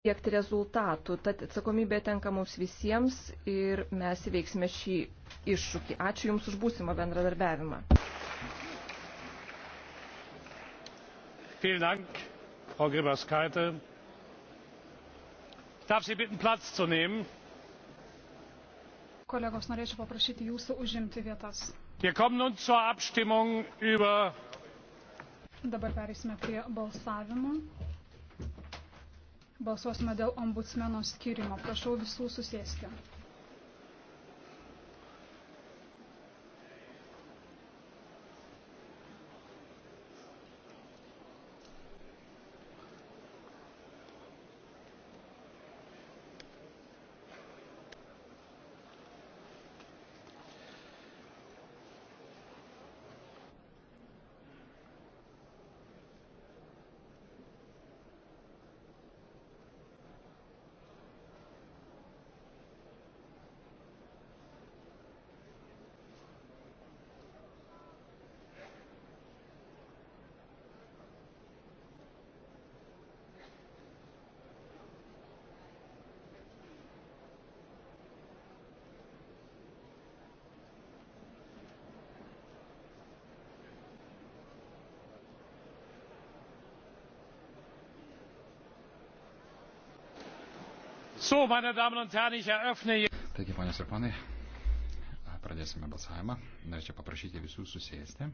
siekti rezultatų. Tad atsakomybė tenka mums visiems ir mes įveiksime šį iššūkį. Ačiū Jums už būsimą bendradarbiavimą. Vielen Dank, Frau Gribas-Kaite. Darf Sie bitten, Platz zu nehmen? Kolegos, norėčiau paprašyti jūsų užimti vietas. Wir kommen nun zur Abstimmung über. Dabar perėsime prie balsavimo. Balsuosime dėl ombudsmeno skirimo. Prašau visų susėsti. So, meine Damen und Herren, ich eröffne. Taigi, ponios ir ponai, pradėsime balsavimą. Norėčiau paprašyti visų susėsti.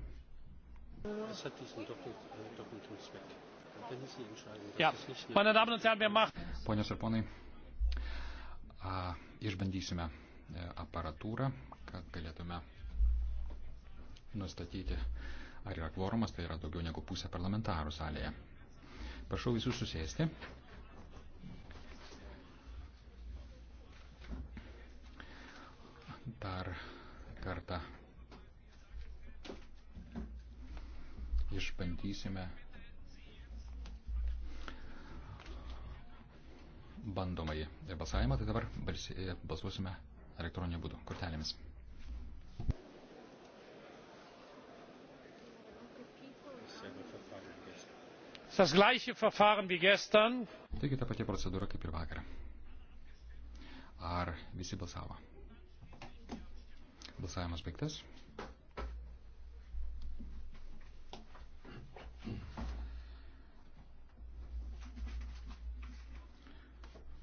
Ja, meine Damen und Herren, wir machen. Ponios ir ponai, a, išbandysime e, aparatūrą, kad galėtume nustatyti, ar yra kvorumas, tai yra daugiau negu pusė parlamentarų salėje. Prašau visus susėsti. dar kartą išbandysime bandomąjį balsavimą, tai dabar balsuosime elektroniniu būdu, kortelėmis. Das gleiche Verfahren wie gestern. Taigi ta pati procedūra kaip ir vakar. Ar visi balsavo? Balsavimas baigtas.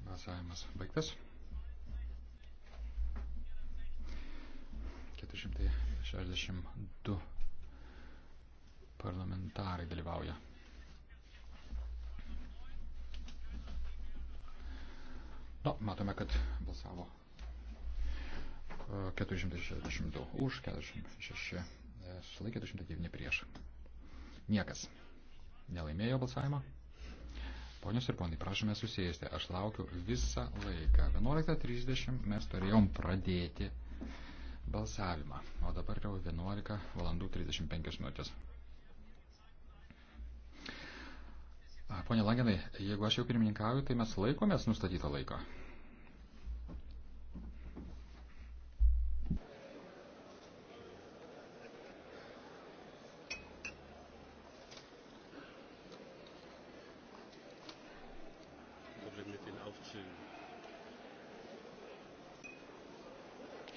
Balsavimas baigtas. 462 parlamentarai dalyvauja. No, nu, matome, kad balsavo 462 už, 46 sulaikė, 209 prieš. Niekas nelaimėjo balsavimo. Ponios ir ponai, prašome susėsti. Aš laukiu visą laiką. 11.30 mes turėjom pradėti balsavimą, o dabar jau 11 valandų 35 minutės. Pone Langenai, jeigu aš jau pirmininkauju, tai mes laikomės nustatytą laiką.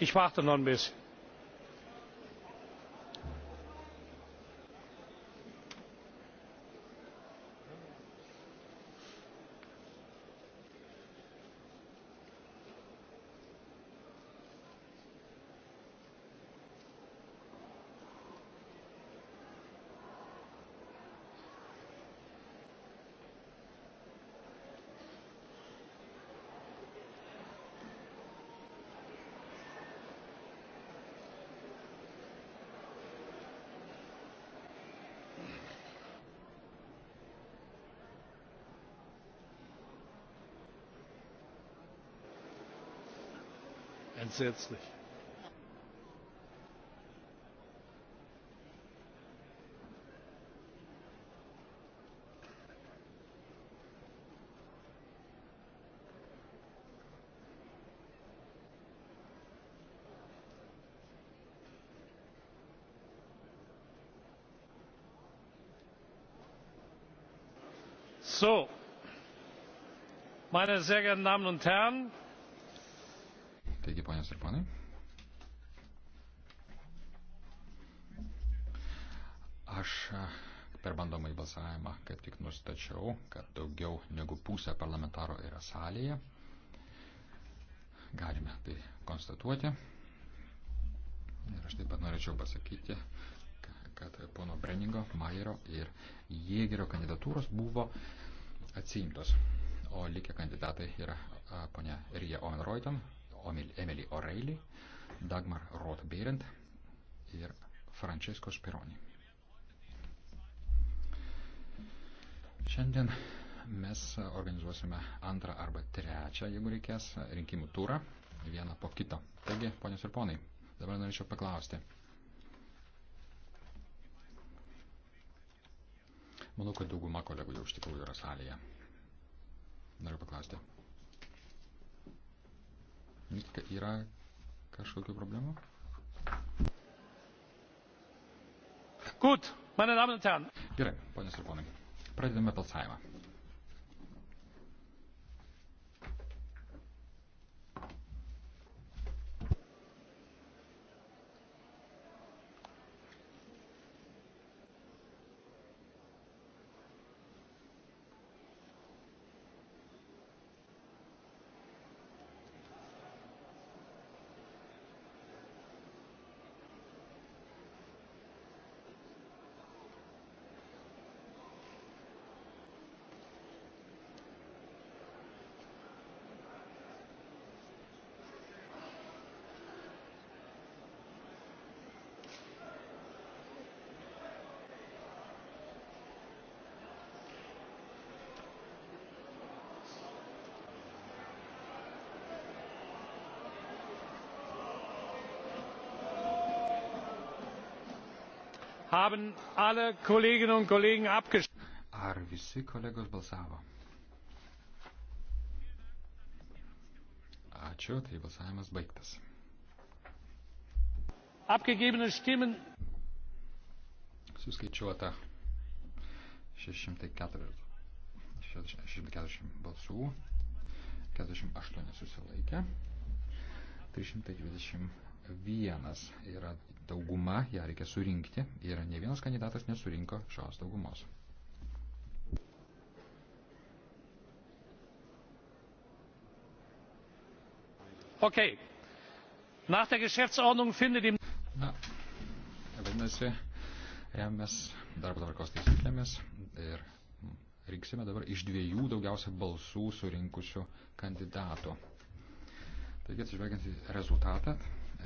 ich warte noch ein bisschen. entsetzlich. meine sehr geehrten damen und herren! ponios ir ponai. Aš per bandomąjį balsavimą kaip tik nustačiau, kad daugiau negu pusė parlamentaro yra salėje. Galime tai konstatuoti. Ir aš taip pat norėčiau pasakyti, kad pono Breningo, Mairo ir Jėgerio kandidatūros buvo atsiimtos. O likę kandidatai yra ponia Rija Omenroitam, Emily O'Reilly, Dagmar Roth-Beirent ir Francesco Spironi. Šiandien mes organizuosime antrą arba trečią, jeigu reikės, rinkimų turą, vieną po kito. Taigi, ponios ir ponai, dabar norėčiau paklausti. Manau, kad dauguma kolegų jau iš tikrųjų yra salėje. Noriu paklausti, Yra kažkokių problemų? Gut, meine Damen und Herren. Gerai, ponios ir ponai, pradedame balsavimą. haben alle Kolleginnen und Kollegen abgestimmt. Ar visi kolegos balsavo? Ačiū, tai balsavimas baigtas. Abgegebene Stimmen. Suskaičiuota 640, 640 balsų, 48 susilaikė, 321 yra dauguma, ją reikia surinkti ir ne vienas kandidatas nesurinko šios daugumos. Okay. Nach der Geschäftsordnung findet im. Na, vadinasi, remiamės darbo tvarkos taisyklėmis ir rinksime dabar iš dviejų daugiausia balsų surinkusių kandidatų. Taigi, atsižvelgiant į rezultatą,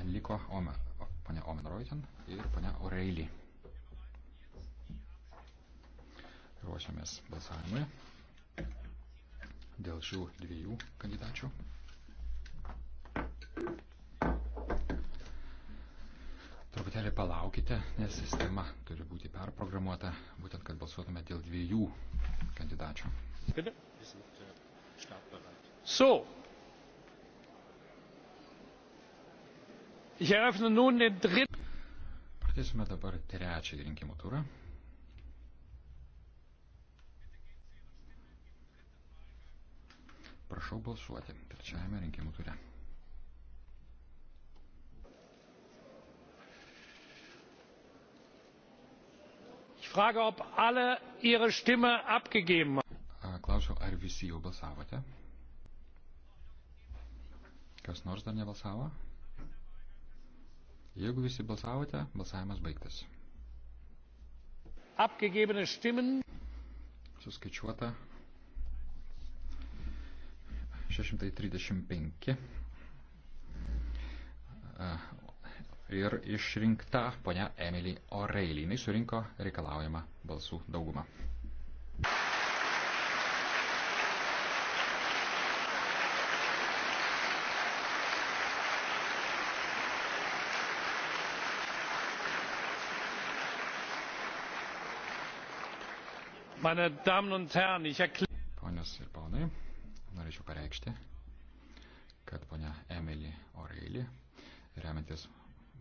liko Omer ponia Omen Reuten ir ponia Oreilį. Ruošiamės balsavimui dėl šių dviejų kandidačių. Truputėlį palaukite, nes sistema turi būti perprogramuota, būtent kad balsuotume dėl dviejų kandidačių. So, Pradėsime dabar trečią rinkimų turą. Prašau balsuoti trečiajame rinkimų ture. frage ob alle ihre stimme abgegeben haben. Klausiu, ar visi jau balsavote? Kas nors dar nebalsavo? Jeigu visi balsavote, balsavimas baigtas. Apgegebene stimmen. Suskaičiuota 635. Ir išrinkta ponia Emily O'Reilly. Jis surinko reikalaujamą balsų daugumą. Meine Damen und Herren, ich erkläre. Ponios ir ponai, norėčiau pareikšti, kad ponia Emily O'Reilly, remiantis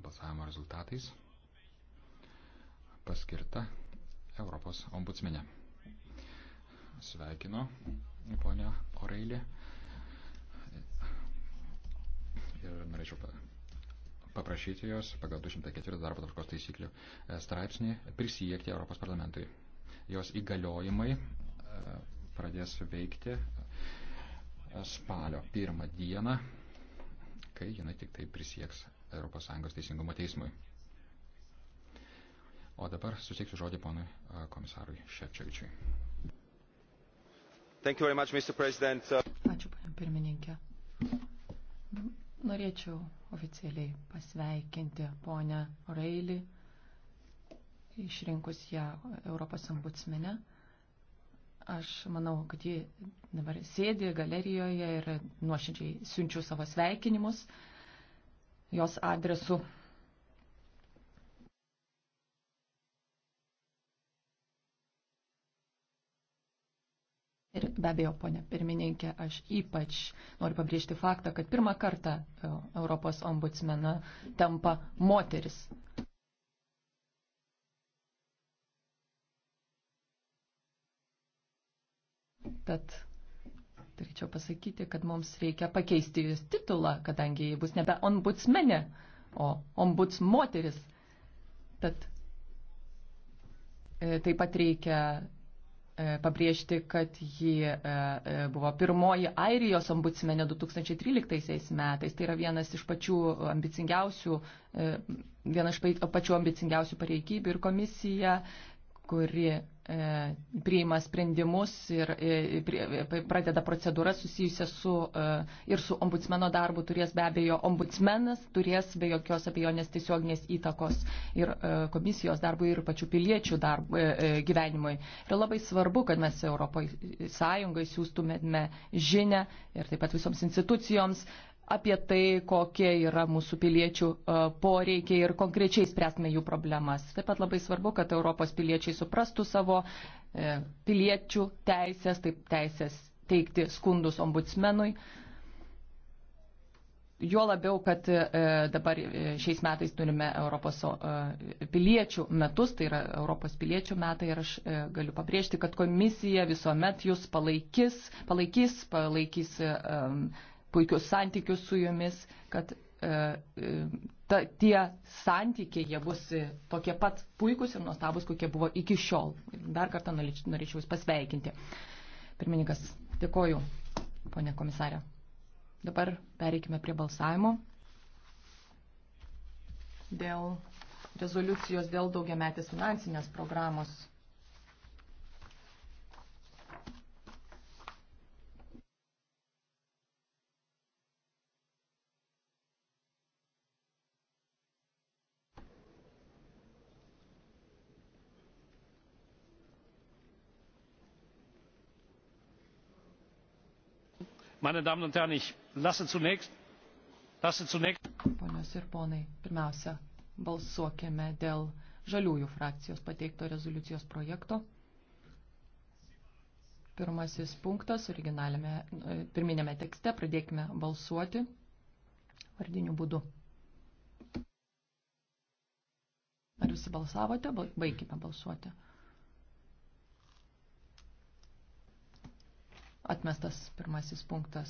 balsavimo rezultatais, paskirta Europos ombudsmenė. Sveikinu ponia O'Reilly ir norėčiau paprašyti jos pagal 204 darbo tvarkos taisyklių e, straipsnį prisiekti Europos parlamentui jos įgaliojimai e, pradės veikti e, spalio pirmą dieną, kai jinai tik tai prisieks ES teisingumo teismui. O dabar susieksiu žodį ponui e, komisarui Šepčiovičiui. Much, Ačiū, panė pirmininkė. Norėčiau oficialiai pasveikinti ponę Reilį išrinkus ją Europos ambutsmene. Aš manau, kad ji dabar sėdi galerijoje ir nuoširdžiai siunčiu savo sveikinimus jos adresu. Ir be abejo, ponė pirmininkė, aš ypač noriu pabrėžti faktą, kad pirmą kartą e, Europos ombudsmena tampa moteris. Tad turėčiau pasakyti, kad mums reikia pakeisti jos titulą, kadangi jie bus nebe ombudsmenė, o ombuds moteris. Tad e, taip pat reikia e, pabrėžti, kad ji e, buvo pirmoji Airijos ombudsmenė 2013 metais. Tai yra vienas iš pačių ambicingiausių, viena iš pačių ambicingiausių pareigybių ir komisija kuri e, priima sprendimus ir e, e, pradeda procedūras susijusias su ir su ombudsmeno darbu turės be abejo ombudsmenas, turės be jokios abejonės tiesioginės įtakos ir komisijos darbui ir pačių piliečių darbu, gyvenimui. Ir labai svarbu, kad mes Europoje sąjungai siūstumėme žinę ir taip pat visoms institucijoms, apie tai, kokie yra mūsų piliečių e, poreikiai ir konkrečiai spręsime jų problemas. Taip pat labai svarbu, kad Europos piliečiai suprastų savo e, piliečių teisės, taip teisės teikti skundus ombudsmenui. Juo labiau, kad e, dabar šiais metais turime Europos piliečių metus, tai yra Europos piliečių metai ir aš galiu pabrėžti, kad komisija visuomet jūs palaikys, palaikys, palaikys, palaikys puikius santykius su jomis, kad e, e, ta, tie santykiai, jie bus tokie pat puikūs ir nuostabus, kokie buvo iki šiol. Dar kartą norėčiau Jūs pasveikinti. Pirmininkas, dėkoju, ponė komisarė. Dabar pereikime prie balsavimo dėl rezoliucijos dėl daugiametės finansinės programos meine damen und herren ich lasse zunächst Ponios ir ponai, pirmiausia, balsuokime dėl žaliųjų frakcijos pateikto rezoliucijos projekto. Pirmasis punktas originaliame e, pirminėme tekste pradėkime balsuoti vardiniu būdu. Ar visi balsavote? Baigime balsuoti. Atmestas pirmasis punktas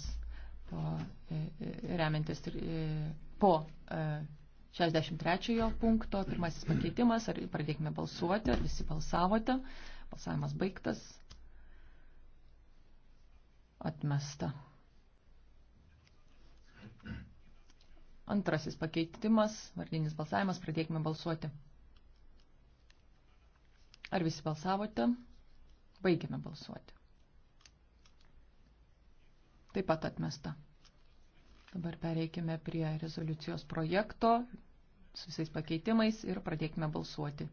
po, e, e, remiantis e, po 63 punkto, pirmasis pakeitimas, ar pradėkime balsuoti, ar visi balsavote. Balsavimas baigtas. Atmesta. Antrasis pakeitimas, vardinis balsavimas, pradėkime balsuoti. Ar visi balsavote? Baigėme balsuoti. Taip pat atmesta. Dabar pereikime prie rezoliucijos projekto su visais pakeitimais ir pradėkime balsuoti.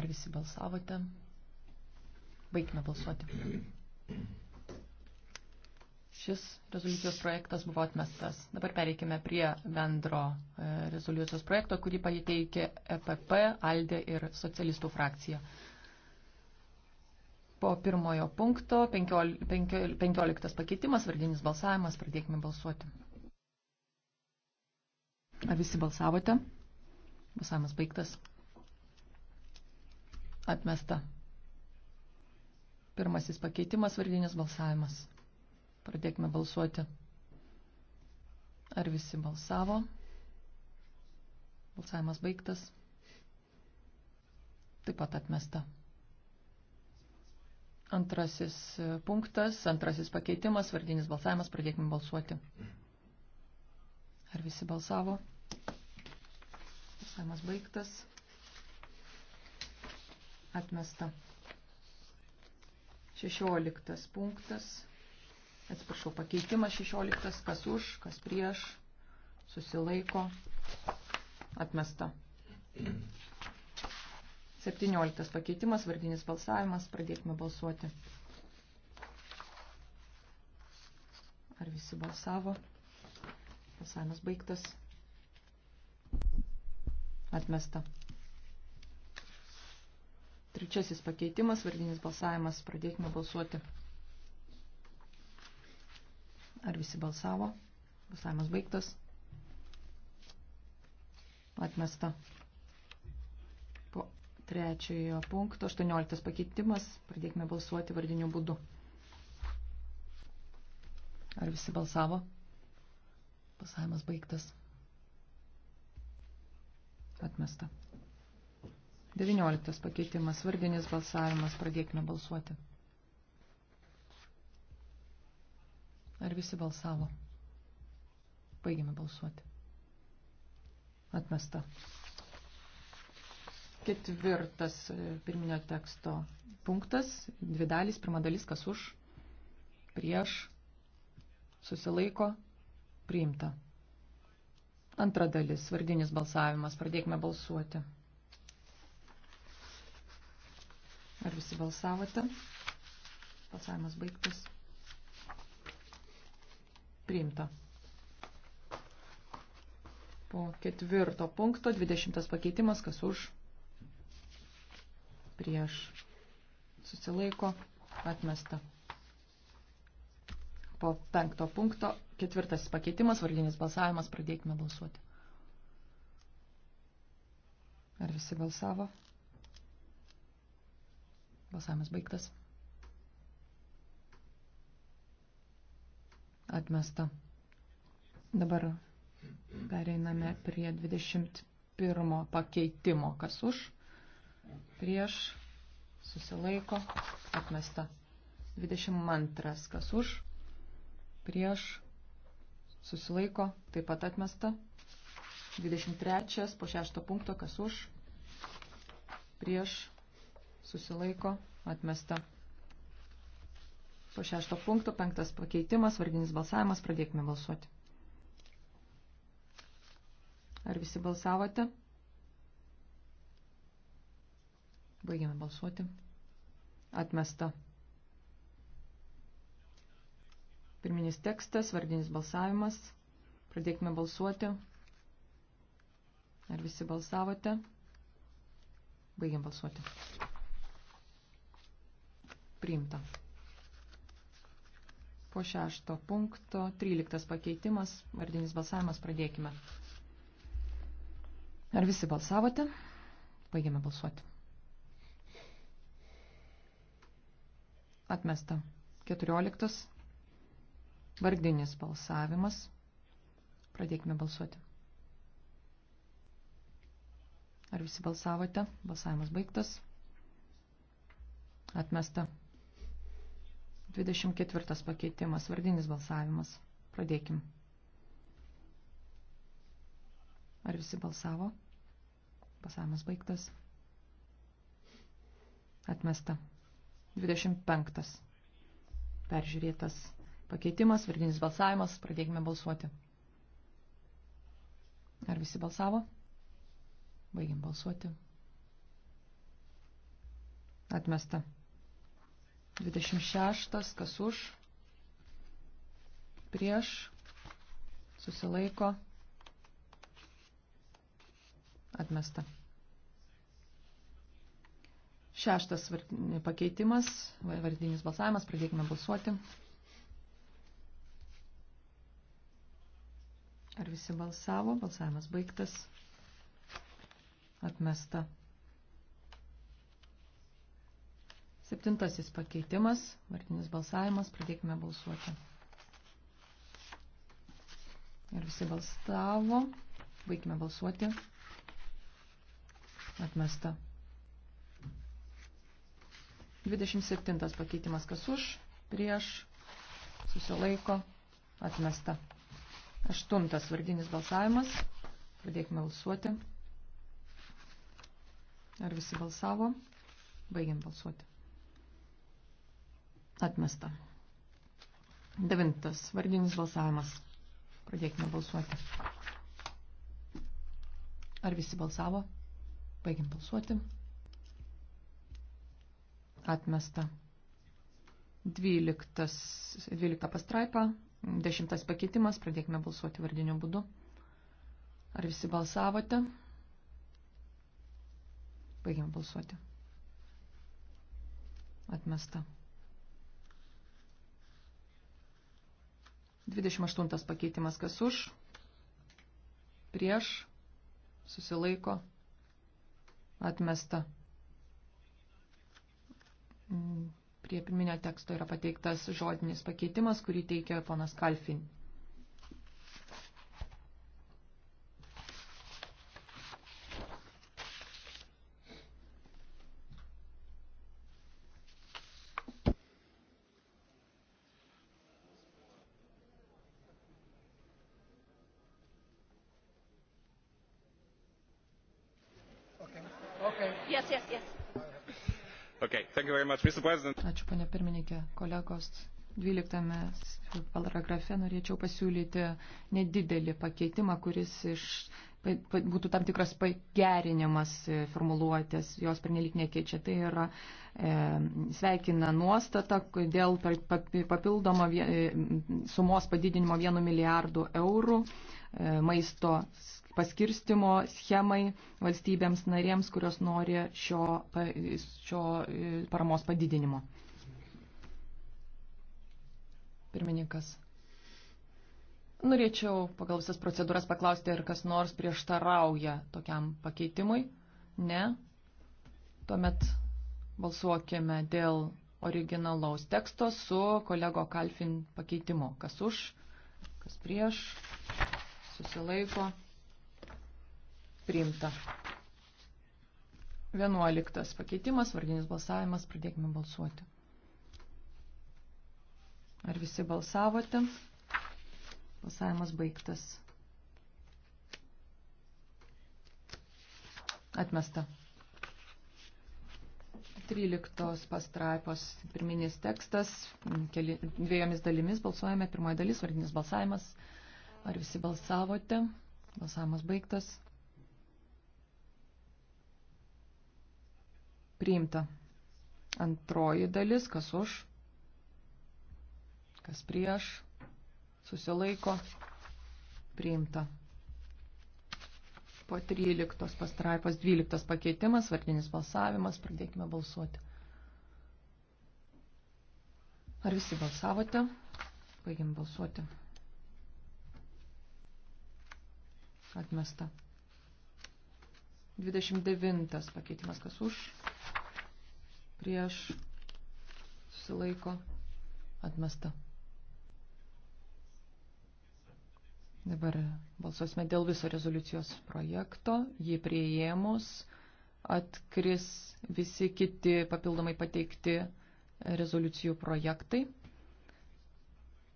Ar visi balsavote? Baigime balsuoti. Šis rezoliucijos projektas buvo atmestas. Dabar pereikime prie bendro e, rezoliucijos projekto, kurį pateikė EPP, ALDE ir socialistų frakcija po pirmojo punkto, 15 penkio, penkio, pakeitimas, vardinis balsavimas, pradėkime balsuoti. Ar visi balsavote? Balsavimas baigtas. Atmesta. Pirmasis pakeitimas, vardinis balsavimas. Pradėkime balsuoti. Ar visi balsavo? Balsavimas baigtas. Taip pat atmesta. Antrasis e, punktas, antrasis pakeitimas, vardinis balsavimas, pradėkime balsuoti. Ar visi balsavo? Balsavimas baigtas. Atmesta. Šešioliktas punktas. Atsiprašau, pakeitimas šešioliktas. Kas už, kas prieš, susilaiko. Atmesta. 17 pakeitimas, vardinis balsavimas, pradėkime balsuoti. Ar visi balsavo? Balsavimas baigtas. Atmesta. Trečiasis pakeitimas, vardinis balsavimas, pradėkime balsuoti. Ar visi balsavo? Balsavimas baigtas. Atmesta. Po trečiojo punkto, 18 pakeitimas, pradėkime balsuoti vardiniu būdu. Ar visi balsavo? Balsavimas baigtas. Atmesta. 19 pakeitimas, vardinis balsavimas, pradėkime balsuoti. Ar visi balsavo? Baigėme balsuoti. Atmesta. Ketvirtas e, pirminio teksto punktas, dvi dalys, pirma dalis, kas už, prieš, susilaiko, priimta. Antra dalis, vardinis balsavimas, pradėkime balsuoti. Ar visi balsavote? Balsavimas baigtas. Priimta. Po ketvirto punkto, dvidešimtas pakeitimas, kas už, prieš prieš susilaiko atmesta. Po penkto punkto ketvirtasis pakeitimas, vardinis balsavimas, pradėkime balsuoti. Ar visi balsavo? Balsavimas baigtas. Atmesta. Dabar pereiname prie 21 pakeitimo. Kas už? prieš, susilaiko, atmesta. 22. Kas už, prieš, susilaiko, taip pat atmesta. 23. Po 6 punkto, kas už, prieš, susilaiko, atmesta. Po 6 punkto, 5 pakeitimas, vardinis balsavimas, pradėkime balsuoti. Ar visi balsavote? Baigiame balsuoti. Atmesta. Pirminis tekstas, vardinis balsavimas. Pradėkime balsuoti. Ar visi balsavote? Baigiam balsuoti. Priimta. Po šešto punkto, 13 pakeitimas, vardinis balsavimas, pradėkime. Ar visi balsavote? Baigiame balsuoti. Atmesta. 14. Vargdinis balsavimas. Pradėkime balsuoti. Ar visi balsavote? Balsavimas baigtas. Atmesta. 24 pakeitimas, vardinis balsavimas. Pradėkim. Ar visi balsavo? Balsavimas baigtas. Atmesta. 25. Peržiūrėtas pakeitimas, virginis balsavimas, pradėkime balsuoti. Ar visi balsavo? Baigim balsuoti. Atmesta. 26. Kas už? Prieš. Susilaiko. Atmesta. Šeštas pakeitimas, vardinis balsavimas, pradėkime balsuoti. Ar visi balsavo? Balsavimas baigtas. Atmesta. Septintasis pakeitimas, vardinis balsavimas, pradėkime balsuoti. Ir visi balsavo, baigime balsuoti. Atmesta. 27 pakeitimas kas už, prieš, susilaiko, atmesta. Aštuntas vardinis balsavimas. Pradėkime balsuoti. Ar visi balsavo? Baigiam balsuoti. Atmesta. Devintas vardinis balsavimas. Pradėkime balsuoti. Ar visi balsavo? Baigiam balsuoti. Atmesta. 12, 12 pastraipa, 10 pakeitimas, pradėkime balsuoti vardiniu būdu. Ar visi balsavote? Baigiam balsuoti. Atmesta. 28 pakeitimas kas už, prieš, susilaiko, atmesta. Prie pirminio teksto yra pateiktas žodinis pakeitimas, kurį teikia ponas Kalfin. mr president pirmininkė, kolegos. 12 paragrafe norėčiau pasiūlyti nedidelį pakeitimą, kuris iš, būtų tam tikras pagerinimas formuluotės, jos pernelik nekeičia. Tai yra e, sveikina nuostata dėl papildomo vien, e, sumos padidinimo 1 milijardų eurų e, maisto paskirstimo schemai valstybėms narėms, kurios nori šio, šio e, paramos padidinimo. Pirmininkas. Norėčiau pagal visas procedūras paklausti, ar kas nors prieštarauja tokiam pakeitimui. Ne. Tuomet balsuokime dėl originalaus teksto su kolego Kalfin pakeitimu. Kas už, kas prieš, susilaiko, priimta. Vienuoliktas pakeitimas, vardinis balsavimas, pradėkime balsuoti. Ar visi balsavote? Balsavimas baigtas. Atmesta. 13 pastraipos pirminis tekstas, keli, dviejomis dalimis balsuojame, pirmoji dalis, vardinis balsavimas. Ar visi balsavote? Balsavimas baigtas. Priimta. Antroji dalis, kas už? kas prieš, susilaiko, priimta. Po 13 pastraipos 12 pakeitimas, vardinis balsavimas, pradėkime balsuoti. Ar visi balsavote? Baigiam balsuoti. Atmesta. 29 pakeitimas kas už, prieš, susilaiko, atmesta. Dabar balsuosime dėl viso rezoliucijos projekto. Jį prieėmus atkris visi kiti papildomai pateikti rezoliucijų projektai.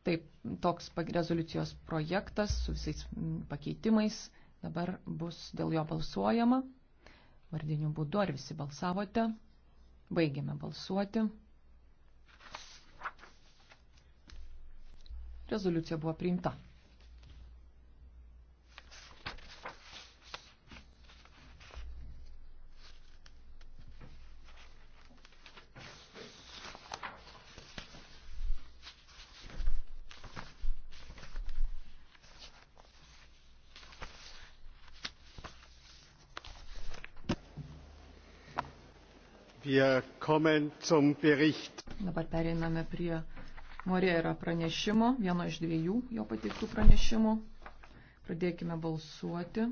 Taip, toks rezoliucijos projektas su visais pakeitimais dabar bus dėl jo balsuojama. Vardiniu būdu ar visi balsavote. Baigėme balsuoti. Rezoliucija buvo priimta. Dabar pereiname prie Morėra pranešimo, vieno iš dviejų jo pateiktų pranešimų. Pradėkime balsuoti.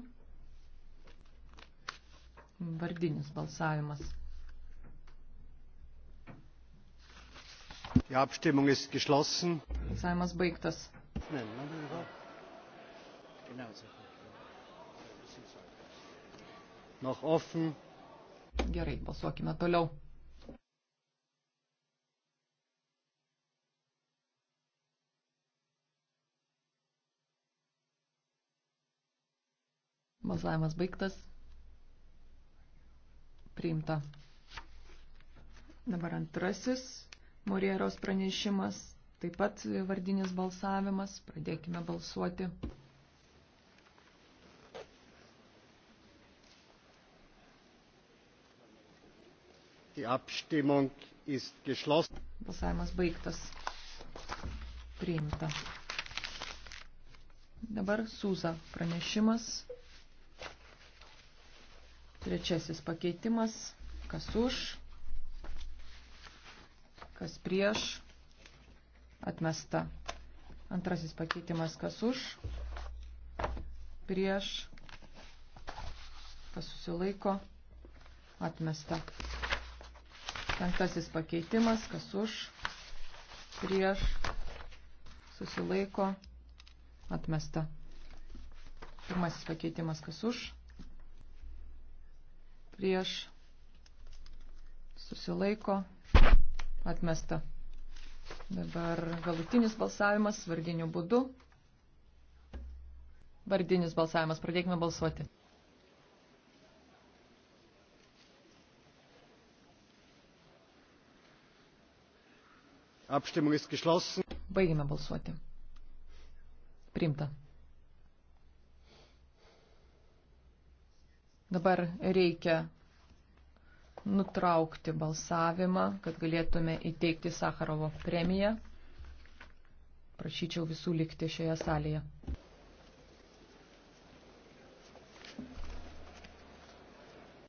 Vardinis balsavimas. Die Abstimmung ist geschlossen. Balsavimas baigtas. Noch offen. Gerai, balsuokime toliau. Balsavimas baigtas. Priimta. Dabar antrasis Morieros pranešimas. Taip pat vardinis balsavimas. Pradėkime balsuoti. Die Abstimmung ist geschlossen. Balsavimas baigtas. Priimta. Dabar Sūza pranešimas. Trečiasis pakeitimas. Kas už? Kas prieš? Atmesta. Antrasis pakeitimas. Kas už? Prieš? Kas susilaiko? Atmesta. Penktasis pakeitimas, kas už, prieš, susilaiko, atmesta. Pirmasis pakeitimas, kas už, prieš, susilaiko, atmesta. Dabar galutinis balsavimas vardiniu būdu. Vardinis balsavimas. Pradėkime balsuoti. Baigime balsuoti. Primta. Dabar reikia nutraukti balsavimą, kad galėtume įteikti Sakarovo premiją. Prašyčiau visų likti šioje salėje.